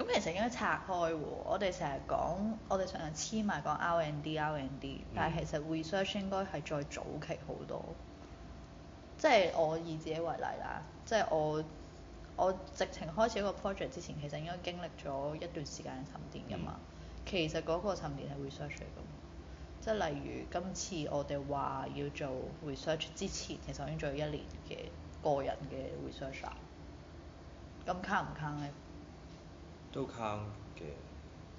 咁其實應該拆開喎，我哋成日講，我哋成日黐埋講 R and D R and D、mm. 但係其實 research 應該係再早期好多，即係我以自己為例啦，即係我我直情開始一個 project 之前，其實應該經歷咗一段時間嘅沉澱噶嘛，mm. 其實嗰個沉澱係 research 嚟噶，即係例如今次我哋話要做 research 之前，其實我已經做咗一年嘅個人嘅 research 啦、啊，咁坑唔坑咧？都坑嘅，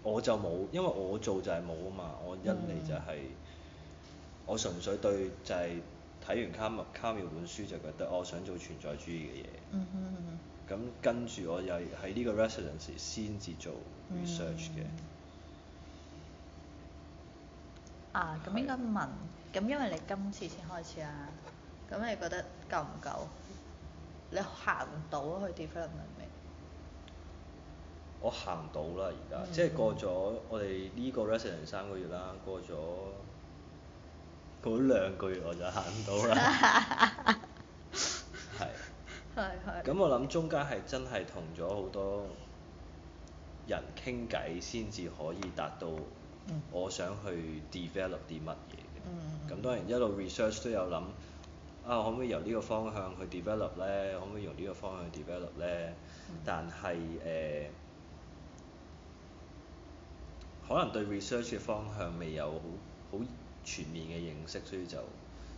我就冇，因為我做就係冇啊嘛，我一嚟就係、是嗯、我純粹對就係睇完卡密卡繆本書就覺得我想做存在主義嘅嘢，咁、嗯嗯、跟住我又喺呢個 residence 先至做 research 嘅、嗯。啊，咁應該問，咁是因為你今次先開始啦、啊，咁你覺得夠唔夠？你行到去 development 未？我行到啦，而家即係過咗我哋呢個 residency 三個月啦，過咗嗰兩個月我就行唔到啦。係係。咁我諗中間係真係同咗好多人傾偈先至可以達到我想去 develop 啲乜嘢嘅。咁、嗯、當然一路 research 都有諗啊，可唔可以由呢個方向去 develop 咧？可唔可以由呢個方向去 develop 咧？嗯、但係誒。呃可能對 research 嘅方向未有好好全面嘅認識，所以就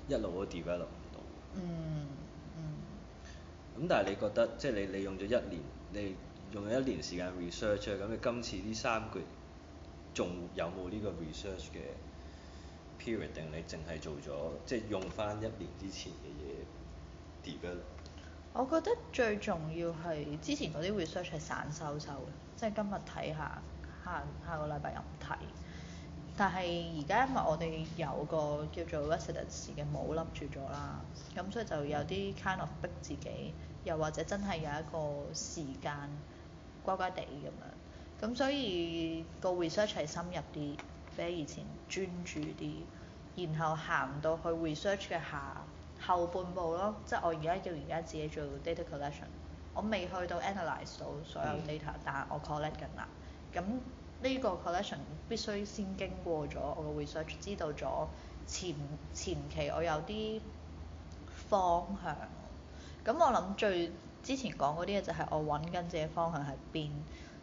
一路都 develop 唔到。嗯嗯。咁但係你覺得，即係你你用咗一年，你用咗一年時間 research 嘅，咁你今次呢三個月仲有冇呢個 research 嘅 period？定你淨係做咗即係用翻一年之前嘅嘢 develop？我覺得最重要係之前嗰啲 research 係散收收嘅，即係今日睇下。下下個禮拜又唔睇，但係而家因為我哋有個叫做 residence 嘅帽笠住咗啦，咁所以就有啲 kind of 逼自己，又或者真係有一個時間乖乖哋咁樣，咁所以個 research 係深入啲，比起以前專注啲，然後行到去 research 嘅下後半步咯，即係我而家叫而家自己做 data collection，我未去到 analyse 到所有 data、嗯、但我 collect 緊啦。咁呢個 collection 必須先經過咗我嘅 research，知道咗前前期我有啲方向。咁我諗最之前講嗰啲嘢就係我揾緊自己方向係邊，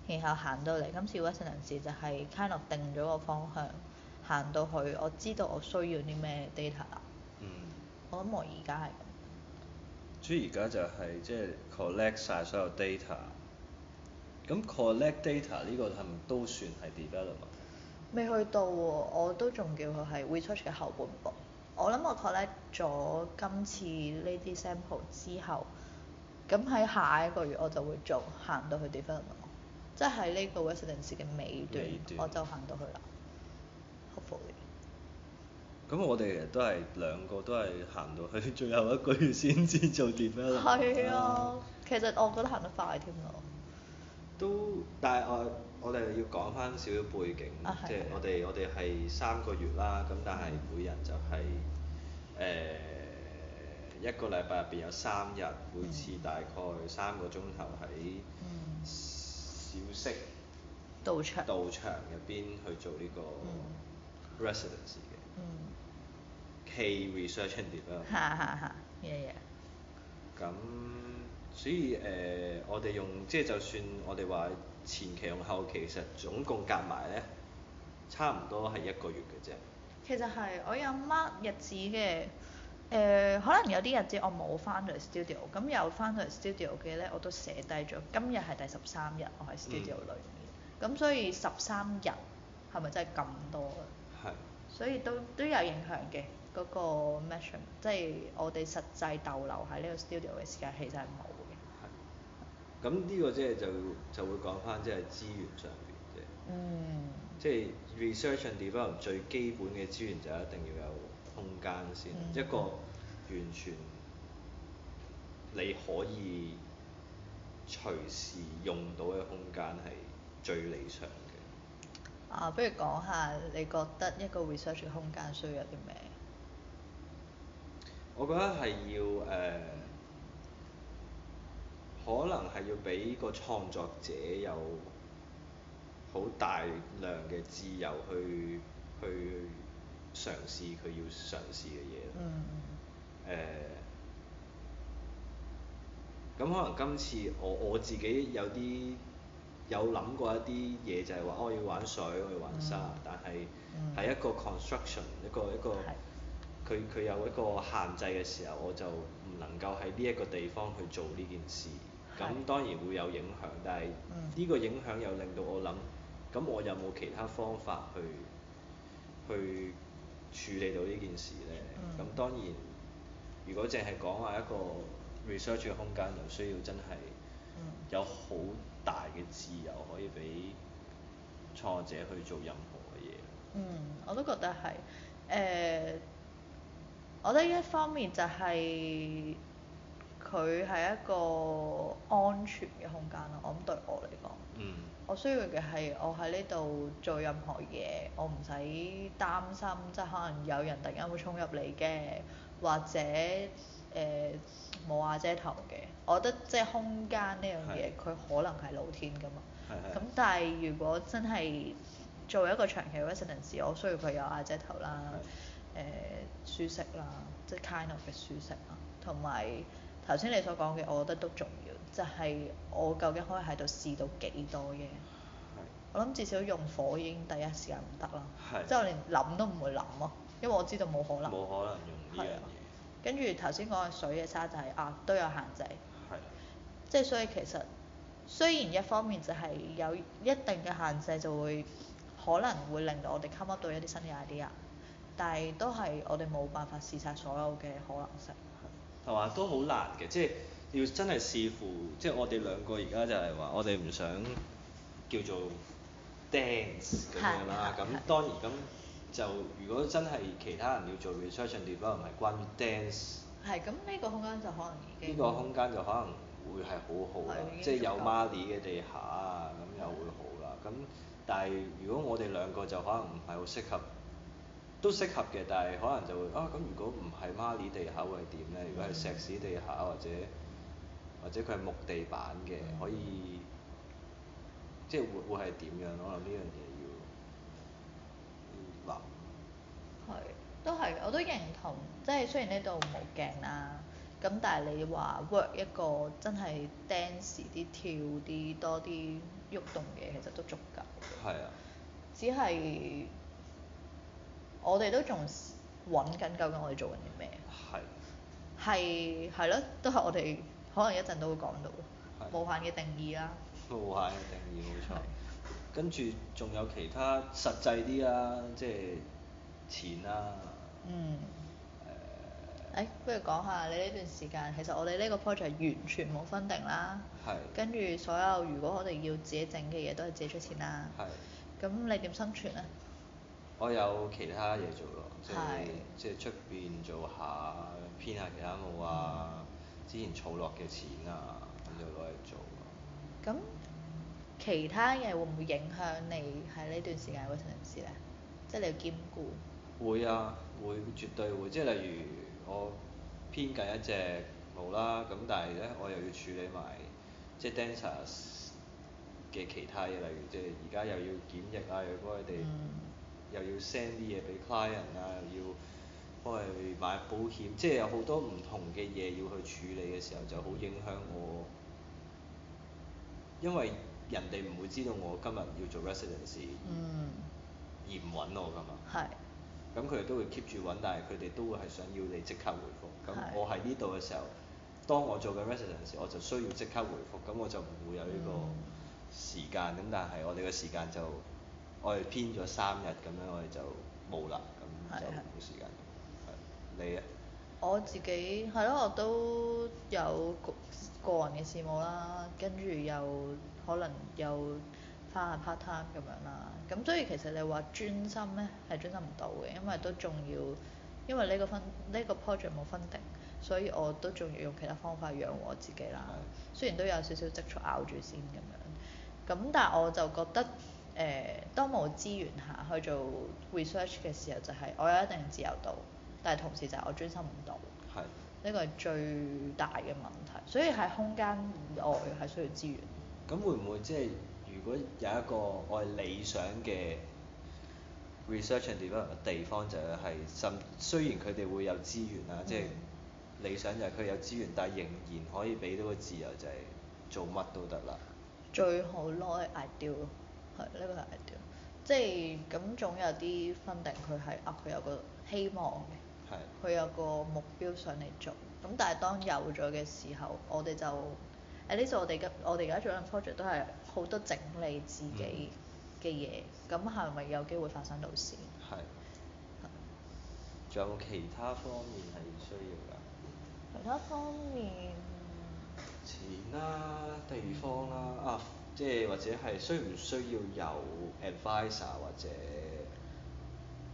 然後行到嚟。今次 researching 時就係 kind of 定咗個方向，行到去我知道我需要啲咩 data。嗯。我諗我而家係。主要而家就係、是、即係、就是、collect 晒所有 data。咁 collect data 呢個係咪都算係 development？未去到喎、啊，我都仲叫佢係 research 嘅後半部。我諗我 collect 咗今次呢啲 sample 之後，咁喺下一個月我就會做行到去 development，即係喺呢個 residence 嘅尾段端，我就行到去啦。Hopefully。咁我哋都係兩個都係行到去最後一個月先至做 development。係啊，其實我覺得行得快添咯。都，但係我我哋要講翻少少背景，啊、即係我哋、嗯、我哋係三個月啦，咁、嗯、但係每人就係、是、誒、呃、一個禮拜入邊有三日，每次大概三個鐘頭喺小息、嗯、蹈場蹈場入邊去做呢個 residence 嘅 key research and development，吓吓吓，yeah yeah，咁。所以誒、呃，我哋用即係就算我哋話前期同後期，其實總共夾埋咧，差唔多係一個月嘅啫。其實係我有乜日子嘅，誒、呃、可能有啲日子我冇翻到 studio，咁有翻到 studio 嘅咧，我都寫低咗。今日係第十三日，我喺 studio 裏面，咁所以十三日係咪真係咁多啊？係是。所以都都有影響嘅嗰個 measurement，即係我哋實際逗留喺呢個 studio 嘅時間，其實係冇。咁呢個即係就就會講返，即係資源上邊嘅，即係、嗯、research and development 最基本嘅資源就一定要有空間先，嗯、一個完全你可以隨時用到嘅空間係最理想嘅。啊，不如講下你覺得一個 research 嘅空間需要有啲咩？我覺得係要誒。呃可能係要俾個創作者有好大量嘅自由去去嘗試佢要嘗試嘅嘢。誒、嗯、咁、uh，可能今次我我自己有啲有諗過一啲嘢，就係、是、話我要玩水，我要玩沙，嗯、但係係一個 construction 一個一個佢佢、嗯、有一個限制嘅時候，我就唔能夠喺呢一個地方去做呢件事。咁當然會有影響，但係呢、嗯、個影響又令到我諗，咁我有冇其他方法去去處理到呢件事咧？咁、嗯、當然，如果淨係講話一個 research 嘅空間，就需要真係有好大嘅自由可以俾創者去做任何嘅嘢。嗯，我都覺得係。誒、呃，我覺得一方面就係、是。佢係一個安全嘅空間咯，我諗對我嚟講，嗯、我需要嘅係我喺呢度做任何嘢，我唔使擔心，即係可能有人突然間會衝入嚟嘅，或者誒冇瓦遮頭嘅。我覺得即係空間呢樣嘢，佢、嗯、可能係露天㗎嘛。咁的、嗯、但係如果真係作為一個長期 residence，我需要佢有瓦遮頭啦，誒的、呃、舒適啦，即係 kind of 嘅舒適啦，同埋。頭先你所講嘅，我覺得都重要，就係、是、我究竟可以喺度試到幾多嘢？的我諗至少用火已經第一時間唔得啦，的即係我連諗都唔會諗咯、啊，因為我知道冇可能。冇可能用嘅嘢。跟住頭先講嘅水嘅沙就係、是、啊都有限制，的即係所以其實雖然一方面就係有一定嘅限制，就會可能會令到我哋 come up 到一啲新 idea，但係都係我哋冇辦法試曬所有嘅可能性。係都好難嘅，即係要真係視乎，即係我哋兩個而家就係話，我哋唔想叫做 dance 咁樣啦。咁當然咁就，如果真係其他人要做 research development 係關於 dance，係咁呢個空間就可能已經呢個空間就可能會係好好啦，嗯、即係有 marry 嘅地下啊，咁又會好啦。咁的但係如果我哋兩個就可能唔係好適合。都適合嘅，但係可能就會啊咁。如果唔係 marley 地下會點咧？如果係石屎地下或者或者佢係木地板嘅，嗯、可以即係會會係點樣？可能呢樣嘢要要諗、嗯。都係，我都認同。即係雖然呢度冇鏡啦，咁但係你話 work 一個真係 dance 啲跳啲多啲喐動嘅，其實都足夠。係啊。只係是。嗯。我哋都仲揾緊，究竟我哋做緊啲咩？係係係咯，都係我哋可能一陣都會講到是無限嘅定義啦。無限嘅定義冇錯，錯是跟住仲有其他實際啲啊，即係錢啦、啊。嗯誒、呃哎，不如講下你呢段時間，其實我哋呢個 project 完全冇分定啦。係是。跟住所有如果我哋要自己整嘅嘢，都係自己出錢啦。係是。咁是你點生存啊？我有其他嘢做咯，就是、是即係即係出邊做下編下其他舞啊，嗯、之前儲落嘅錢啊，咁就攞嚟做、啊。咁、嗯、其他嘢會唔會影響你喺呢段時間嘅心思咧？即係你要兼顧。會啊，會絕對會。即係例如我編緊一隻舞啦，咁但係咧我又要處理埋即係 Dancers 嘅其他嘢，例如即係而家又要檢疫啊，又要幫佢哋、嗯。又要 send 啲嘢俾 client 啊，又要幫佢買保險，即係有好多唔同嘅嘢要去處理嘅時候，就好影響我，因為人哋唔會知道我今日要做 residence 時，嗯，唔揾我㗎嘛。係是。咁佢哋都會 keep 住揾，但係佢哋都會係想要你即刻回覆，咁我喺呢度嘅時候，是當我做緊 residence 我就需要即刻回覆，咁我就唔會有呢個時間，咁、嗯、但係我哋嘅時間就～我哋編咗三日咁樣，我哋就冇啦，咁就冇時間。係的你？我自己係咯，我都有個個人嘅事務啦，跟住又可能又返下 part time 咁樣啦。咁所以其實你話專心咧，係專心唔到嘅，因為都仲要，因為呢個分呢、呢個 project 冇分定，所以我都仲要用其他方法養我自己啦。的雖然都有少少積蓄咬住先咁樣，咁但係我就覺得。誒、嗯，當冇資源下去做 research 嘅時候，就係、是、我有一定自由度，但係同時就係我專心唔到。係的。呢個係最大嘅問題，所以係空間以外係需要資源。咁會唔會，即係如果有一個我係理想嘅 research and development 嘅地方，就係、是、甚雖然佢哋會有資源啦，即係、嗯、理想就係佢有資源，但係仍然可以俾到個自由，就係、是、做乜都得啦。最好 no ideal。I do. 呢、這個係即係咁，總有啲 funding，佢係啊，佢有個希望嘅。係的。佢有個目標上嚟做，咁但係當有咗嘅時候，我哋就，誒呢次我哋今我哋而家做緊 project 都係好多整理自己嘅嘢，咁係咪有機會發生到事？係。仲有冇其他方面係需要㗎？其他方面。錢啦、啊，地方啦、啊，啊。即係或者係需唔需要有 advisor 或者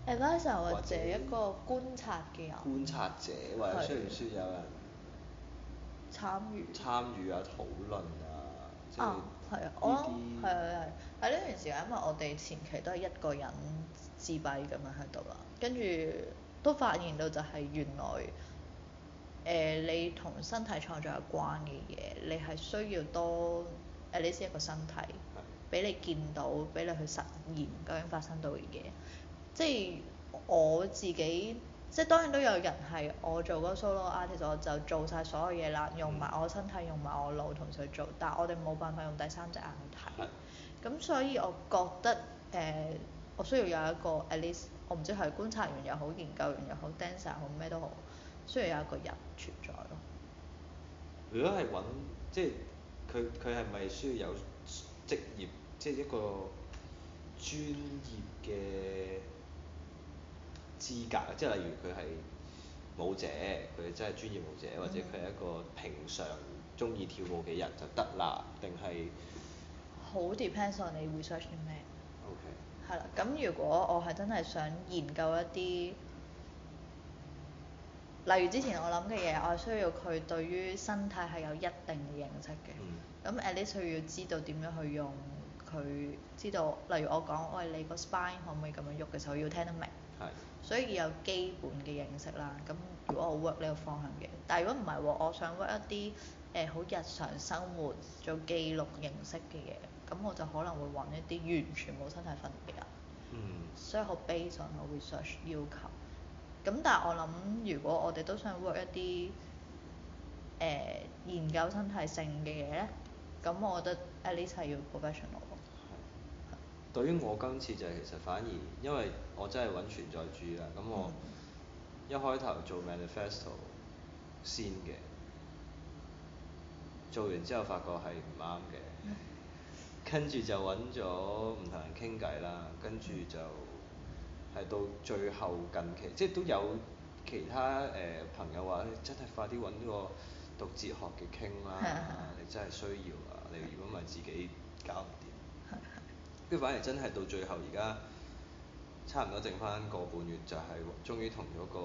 advisor 或者，或者一個觀察嘅人、觀察者，或者需唔需要有人對 參與、參與啊討論啊，即、啊、係這些 我諗係啊，係啊喺呢段時間，因為我哋前期都係一個人自閉咁樣喺度啦，跟住都發現到就係原來誒、呃、你同身體創作有關嘅嘢，你係需要多。係你先一個身體，俾你見到，俾你去實驗究竟發生到嘅嘢。即係我自己，即係當然都有人係我做嗰個 solo 啊。其實我就做晒所有嘢啦，用埋我身體，用埋我腦同佢做。但係我哋冇辦法用第三隻眼去睇。咁的所以我覺得誒、呃，我需要有一個 at least，我唔知係觀察員又好，研究員又好，dancer 又好咩都好，需要有一個人存在咯。如果係揾即係。佢佢係咪需要有職業，即係一個專業嘅資格？即係例如佢係舞者，佢真係專業舞者，或者佢係一個平常中意跳舞嘅人就得啦？定係好 depends on 你 research 啲咩？OK 係啦。咁如果我係真係想研究一啲。例如之前我諗嘅嘢，我係需要佢對於身體係有一定嘅認識嘅。咁、嗯、at least 要知道點樣去用佢，知道例如我講喂，你個 spine 可唔可以咁樣喐嘅時候，要聽得明。係是。所以要有基本嘅認識啦。咁如果我 work 呢個方向嘅，但係如果唔係喎，我想 work 一啲誒好日常生活做記錄形式嘅嘢，咁我就可能會揾一啲完全冇身體訓練嘅人。嗯。所以好 basic 嘅 research 要求。咁但係我諗，如果我哋都想 work 一啲誒、呃、研究生體性嘅嘢咧，咁我覺得 At least 係要 professional 咯。係。對於我今次就係其實反而，因為我真係揾存在主義啦，咁我一開頭做 manifesto 先嘅，做完之後發覺係唔啱嘅，跟住就揾咗唔同人傾偈啦，跟住就。係到最後近期，即係都有其他誒、呃、朋友話，真係快啲搵個讀哲學嘅傾啦！是啊、是你真係需要啊！啊你如果唔係自己搞唔掂，跟住、啊、反而真係到最後而家差唔多剩返個半月，就係終於同咗個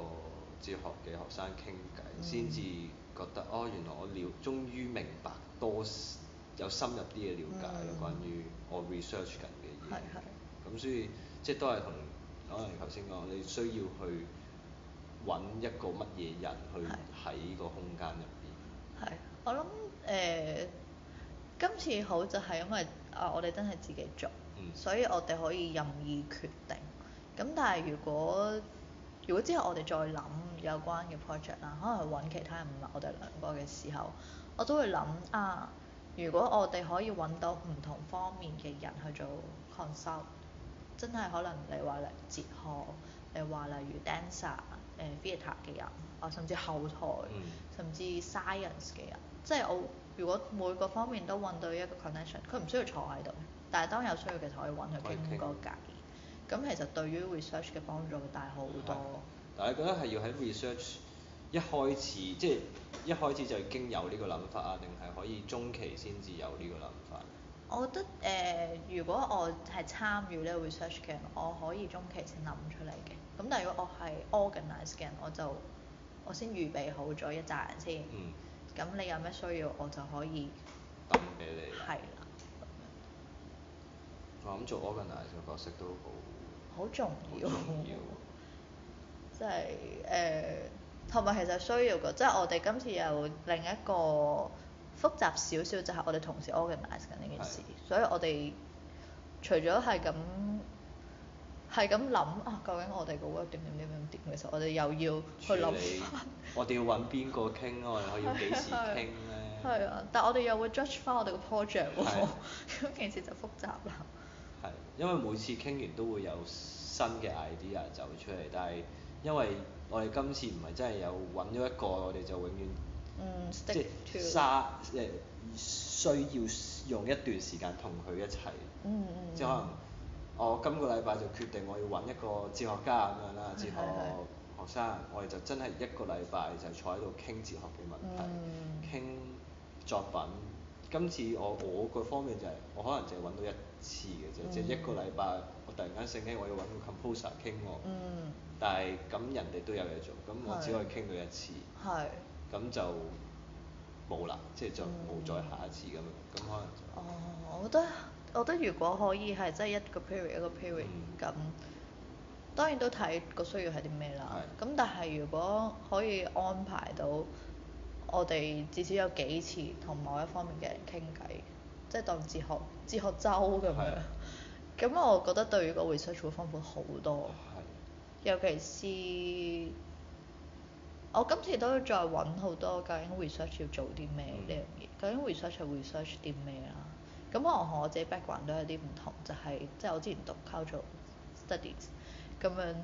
哲學嘅學生傾偈，先至、嗯、覺得哦，原來我了，終於明白多有深入啲嘅了解，關於我 research 緊嘅嘢。係咁、啊嗯、所以即係都係同。可能頭先講你需要去揾一個乜嘢人去喺的個空間入邊。係，我諗誒、呃、今次好就係因為啊，我哋真係自己做，嗯、所以我哋可以任意決定。咁但係如果如果之後我哋再諗有關嘅 project 啦，可能揾其他人唔係我哋兩個嘅時候，我都會諗啊，如果我哋可以揾到唔同方面嘅人去做 consult。真係可能你話嚟哲學，你話例如 dancer、呃、誒 theater 嘅人，啊甚至後台，甚至 science 嘅人，嗯、即係我如果每個方面都揾到一個 connection，佢唔需要坐喺度，但係當有需要嘅時候可以揾佢傾個偈，咁其實對於 research 嘅幫助大好多。但係你覺得係要喺 research 一開始，即、就、係、是、一開始就已經有呢個諗法啊，定係可以中期先至有呢個諗法？我覺得誒、呃，如果我係參與呢個 research 嘅人，我可以中期先諗出嚟嘅。咁但係如果我係 organize 嘅人，我就我先預備好咗一紮人先。嗯。咁你有咩需要，我就可以畀你。係啦的。我諗做 organize 嘅角色都好。好重要。好重要。即係誒，同埋、就是呃、其實需要嘅，即係我哋今次又另一個。複雜少少就係、是、我哋同時 organise 緊呢件事，是的 所以我哋除咗係咁係咁諗啊，究竟我哋個 work 點點點點嘅時候，我哋又要去諗處理 我哋要揾邊個傾我哋可以幾時傾咧？係啊，但係我哋又會 judge 翻我哋個 project 喎，咁件事就複雜啦。係，因為每次傾完都會有新嘅 idea 走出嚟，但係因為我哋今次唔係真係有揾咗一個，我哋就永遠。即係沙，誒需要用一段時間同佢一齊。嗯嗯。即係可能我今個禮拜就決定我要揾一個哲學家咁樣啦，哲學學生，我哋就真係一個禮拜就坐喺度傾哲學嘅問題，傾作品。今次我我個方面就係我可能淨係揾到一次嘅啫，即係一個禮拜我突然間醒起我要揾個 composer 傾喎。但係咁人哋都有嘢做，咁我只可以傾到一次。係。咁就冇啦，即係就冇再下一次咁樣，咁可能就。哦，oh，我覺得我覺得如果可以係真係一個 period 一個 period 咁，mm。當然都睇個需要係啲咩啦。咁的但係如果可以安排到，我哋至少有幾次同某一方面嘅人傾偈，即、就、係、是、當哲學哲學周咁樣。咁的 我覺得對於個 research 會豐富好多。的尤其是。我今次都再揾好多究竟 research 要做啲咩呢樣嘢，究竟 research 係 research 啲咩啦？咁我同我自己 background 都有啲唔同，就係即係我之前讀 cultural studies 咁樣，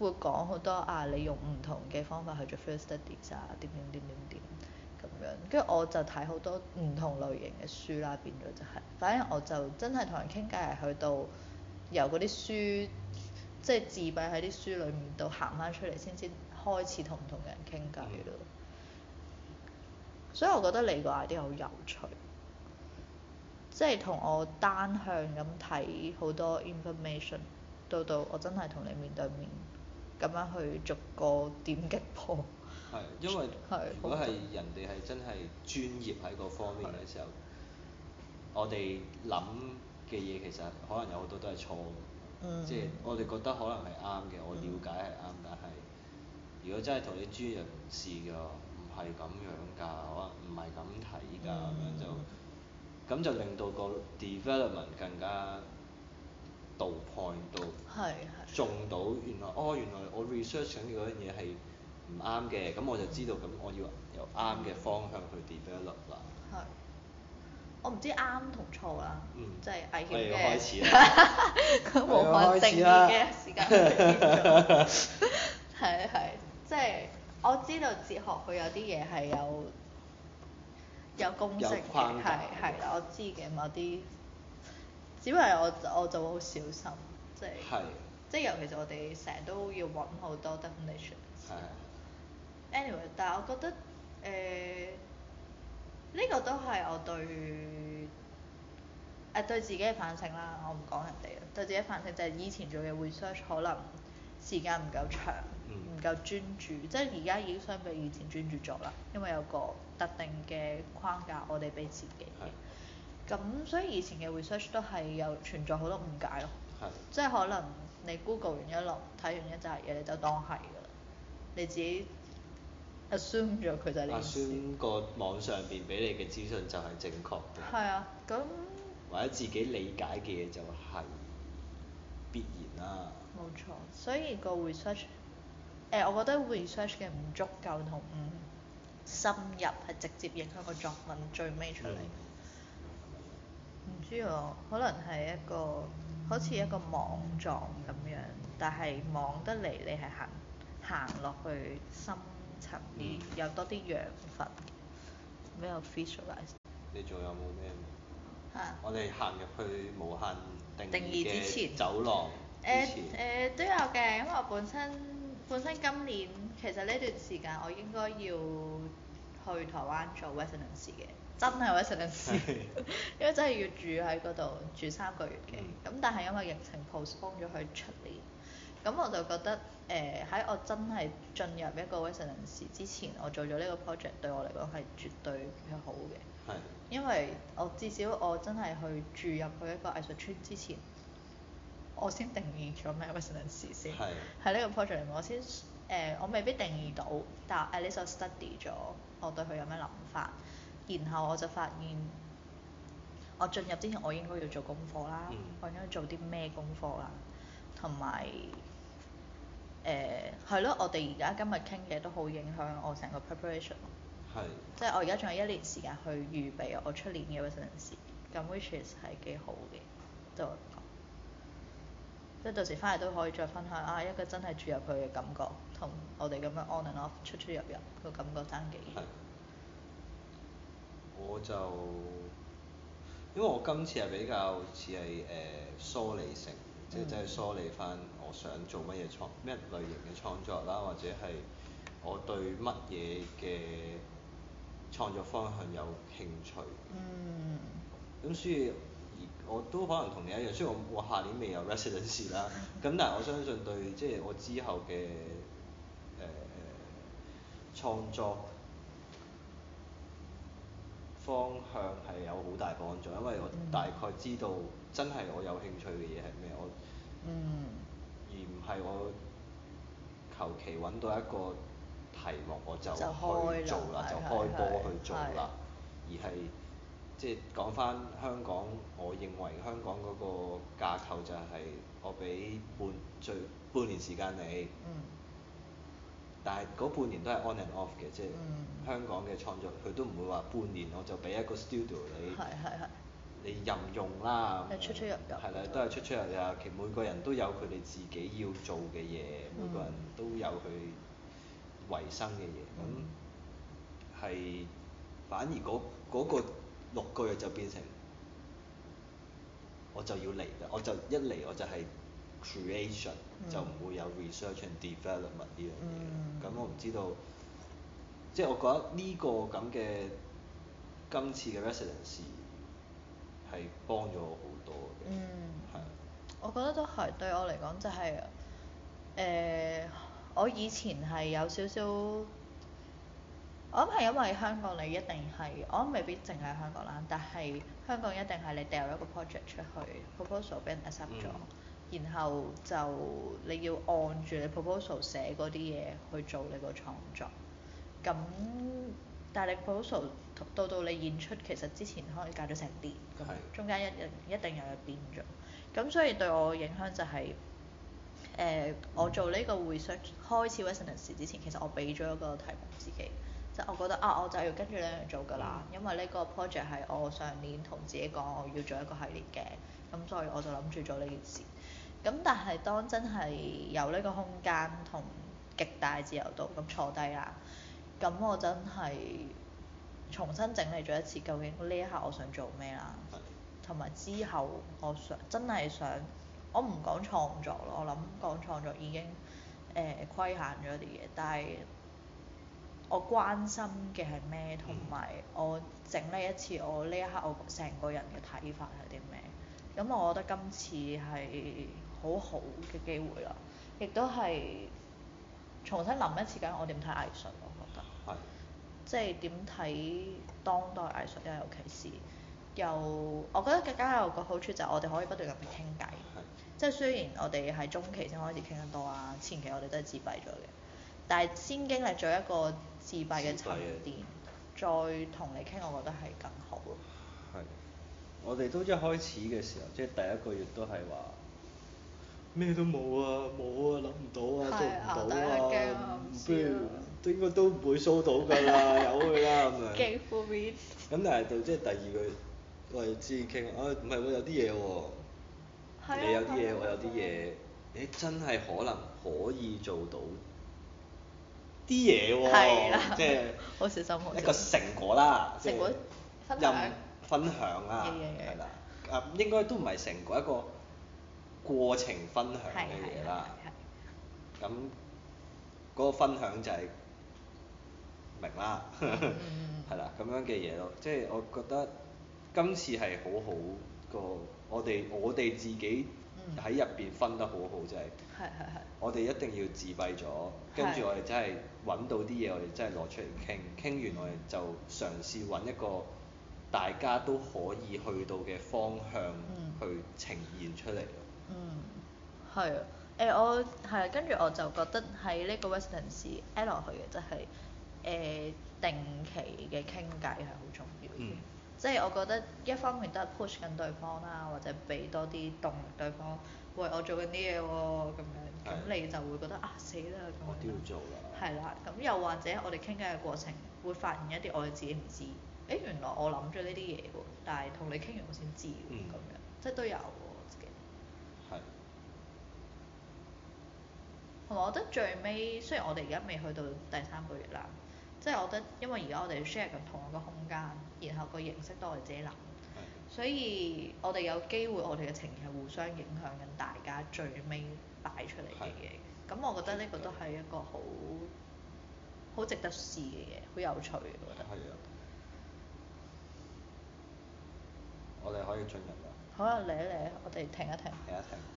會講好多啊，你用唔同嘅方法去做 field studies 啊，點點點點點咁樣，跟住我就睇好多唔同類型嘅書啦，變咗就係、是，反而我就真係同人傾偈係去到由嗰啲書即係、就是、自閉喺啲書裏面度行翻出嚟先先，開始同唔同人傾偈咯，嗯、所以我覺得你個 idea 好有趣，即係同我單向咁睇好多 information，到到我真係同你面對面咁樣去逐個點擊破。係，因為如果係人哋係真係專業喺嗰方面嘅時候，的我哋諗嘅嘢其實可能有好多都係錯嘅，即係、嗯、我哋覺得可能係啱嘅，我了解係啱，嘅、嗯。但係。如果真係同你專業人士㗎，唔係咁樣㗎，哇！唔係咁睇㗎，咁樣就，咁就令到個 development 更加到 point 到。係係 中到原來哦，原來我 research 緊嘅嗰樣嘢係唔啱嘅，咁我就知道咁我要由啱嘅方向去 develop 啦。係。我唔知啱同錯啦，即係危險嘅。係開始啦。冇可能定嘅時間。係 係。 即係我知道哲學佢有啲嘢係有有公式嘅，係係啦，我知嘅某啲。只不過我我就好小心，即係是的 即係尤其是我哋成日都要搵好多 definition。是的 anyway，但係我覺得誒呢、呃這個都係我對誒對自己嘅反省啦，我唔講人哋啦，對自己反省，己反省就係、是、以前做嘅 research 可能時間唔夠長。唔、嗯、夠專注，即係而家已經相比以前專注咗啦，因為有個特定嘅框架，我哋俾自己。咁是的 所以以前嘅 research 都係有存在好多誤解咯，是的 即係可能你 Google 完一輪，睇完一紮嘢，你就當係㗎啦，你自己 assume 咗佢就係呢件事。assume 個網上邊俾你嘅資訊就係正確嘅。係啊，咁或者自己理解嘅嘢就係必然啦。冇錯，所以個 research。誒、欸，我覺得 research 嘅唔足夠同唔、嗯、深入係直接影響個作品最尾出嚟。唔、嗯、知喎、哦，可能係一個好似一個網狀咁樣，但係網得嚟你係行行落去深層啲，嗯、有多啲養分，比較 special 啲。你仲有冇咩？啊！我哋行入去無限定義之前，走廊、呃。誒、呃、誒、呃，都有嘅，因為我本身。本身今年其實呢段時間我應該要去台灣做 residence 嘅，真係 residence， 因為真係要住喺嗰度住三個月嘅。咁、嗯、但係因為疫情 postpon 咗佢出年，咁我就覺得誒喺、呃、我真係進入一個 residence 之前，我做咗呢個 project 對我嚟講係絕對係好嘅，的因為我至少我真係去住入去一個藝術村之前。我先定義咗咩 residence 先，喺呢個 project 我先誒、呃、我未必定義到，但係 at least、I、study 咗我對佢有咩諗法，然後我就發現我進入之前我應該要做功課啦，嗯、我應該做啲咩功課啦，同埋誒係咯，我哋而家今日傾嘅都好影響我成個 preparation，是即係我而家仲有一年時間去預備我出年嘅 residence，咁 which is 係幾好嘅，就。即到時翻嚟都可以再分享啊！一個真係住入去嘅感覺，同我哋咁樣 on and off 出出入入個感覺爭幾遠？係。我就因為我今次係比較似係誒梳理性，即係即係梳理翻我想做乜嘢創咩、嗯、類型嘅創作啦，或者係我對乜嘢嘅創作方向有興趣。嗯。咁所以。我都可能同你一樣，雖然我我下年未有 residency 啦，咁 但係我相信對即係、就是、我之後嘅誒、呃、創作方向係有好大幫助，因為我大概知道真係我有興趣嘅嘢係咩，我嗯，而唔係我求其揾到一個題目我就去做啦，就開波去做啦，係係係而係。即係講翻香港，我認為香港嗰個架構就係我俾半最半年時間你，嗯、但係嗰半年都係 on and off 嘅，即、就、係、是嗯、香港嘅創作，佢都唔會話半年我就俾一個 studio 你，是是是你任用啦，係出出入入，係啦，都係出出入入，其實每個人都有佢哋自己要做嘅嘢，嗯、每個人都有佢維生嘅嘢，咁係、嗯、反而嗰嗰、嗰個，六個月就變成我就要嚟啦，我就一嚟我就係 creation、嗯、就唔會有 research and development 呢、嗯、樣嘢，咁我唔知道，即係我覺得呢個咁嘅今次嘅 residency 係幫咗我好多嘅，係啊、嗯，是我覺得都係對我嚟講就係、是、誒、呃、我以前係有少少。我諗係因為香港你一定係，我諗未必淨係香港啦，但係香港一定係你掉一個 project 出去、mm. proposal 俾人 accept 咗，然後就你要按住你 proposal 寫嗰啲嘢去做你個創作。咁但係你 proposal 到到你演出其實之前可能隔咗成年咁，的中間一一定又有變咗。咁所以對我嘅影響就係、是、誒、呃，我做呢個 research 開始 research 之前，其實我俾咗一個題目自己。即我覺得啊，我就要跟住呢樣做㗎啦，因為呢個 project 係我上年同自己講我要做一個系列嘅，咁所以我就諗住做呢件事。咁但係當真係有呢個空間同極大自由度咁坐低啦，咁我真係重新整理咗一次，究竟呢一刻我想做咩啦？同埋之後我想真係想，我唔講創作咯，我諗講創作已經誒規、呃、限咗啲嘢，但係。我關心嘅係咩，同埋我整呢一次，我呢一刻我成個人嘅睇法係啲咩？咁、嗯、我覺得今次係好好嘅機會啦，亦都係重新諗一次緊我點睇藝術，我覺得我。係是。即係點睇當代藝術，尤其是又我覺得更加有個好處就係我哋可以不斷咁去傾偈。是即係雖然我哋喺中期先開始傾得多啊，前期我哋都係自閉咗嘅，但係先經歷咗一個。自閉嘅層面， 再同你傾，我覺得係更好咯 Key board。係，我哋都一開始嘅時候，即係第一個月都係話咩都冇啊，冇啊，諗唔到啊，做唔到啊，跟住 應該都唔會收到㗎啦，有佢啦咁樣。幾負面。咁但係就即係第二個月，我哋先傾，誒，唔係喎，有啲嘢喎，你有啲嘢，我有啲嘢，你真係可能可以做到。啲嘢喎，即係、哦、的一個成果啦，成果分享啦。係啦，誒應該都唔係成果，的一個過程分享嘅嘢啦。咁嗰、那個分享就係、是、明啦，係啦、嗯，咁 樣嘅嘢咯，即、就、係、是、我覺得今次係好好個，我哋我哋自己。喺入邊分得好好，真係。係係係。我哋一定要自閉咗，跟住係係我哋真係揾到啲嘢，我哋真係攞出嚟傾。傾完我哋就嘗試揾一個大家都可以去到嘅方向去呈現出嚟。嗯。係。誒，我係跟住我就覺得喺呢個 Weston City add 落去嘅，即係誒定期嘅傾偈係好重要嘅。嗯。即係我覺得一方面都係 push 緊對方啦，或者俾多啲動力對方喂，我做緊啲嘢喎，咁樣咁的你就會覺得啊，死啦，咁我都要做啦，係啦，咁又或者我哋傾偈嘅過程會發現一啲我哋自己唔知，誒、欸、原來我諗咗呢啲嘢喎，但係同你傾完我先知喎，咁樣、嗯、即係都有自己，係的。同埋我覺得最尾雖然我哋而家未去到第三個月啦。即係我覺得，因為而家我哋 share 緊同一個空間，然後個形式都係自己諗，的所以我哋有機會，我哋嘅情係互相影響緊大家最尾擺出嚟嘅嘢。咁的我覺得呢個都係一個好好值得試嘅嘢，好有趣嘅。係啊的，對我哋可以進入啦。好啊，嚟一嚟，我哋停一停。停一停。